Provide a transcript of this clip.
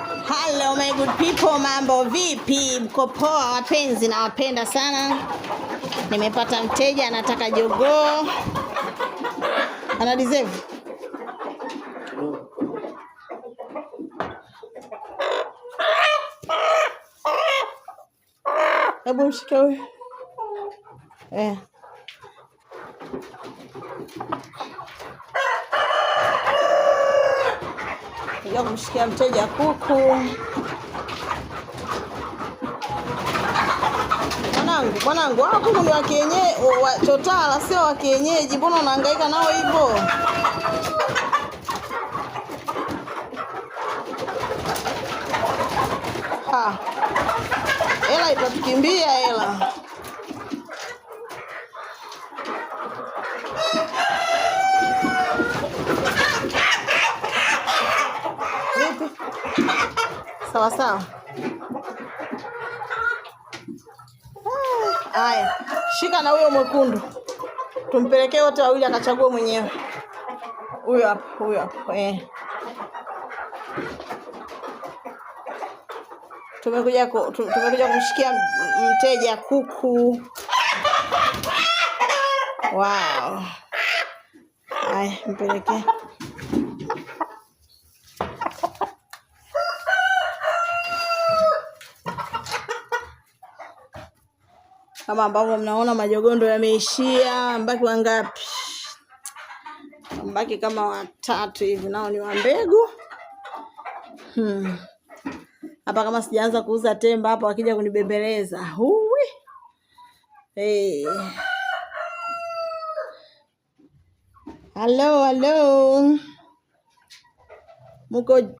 Hello my good people, mambo vipi? Mko poa wapenzi, nawapenda sana. Nimepata mteja anataka jogoo, ana deserve Hebu mshike wewe. Eh. Naendelea kumshikia mteja kuku. Mwanangu, mwanangu, hao kuku ni wa kienyeji, wa chotara sio wa kienyeji. Mbona unahangaika nao hivyo? Hela itatukimbia hela. Sawa sawa. Haya, shika na huyo mwekundu, tumpelekee wote wawili, akachagua mwenyewe. Huyo hapo, huyo hapo eh. Tumekuja tumekuja kumshikia mteja kuku. Wow. Haya, mpelekee. kama ambavyo mnaona majogondo yameishia. Mbaki wangapi? Mbaki kama watatu hivi, nao ni wa mbegu hmm. Hapa kama sijaanza kuuza temba hapa, wakija kunibembeleza huwi. Hey. Halo, halo, muko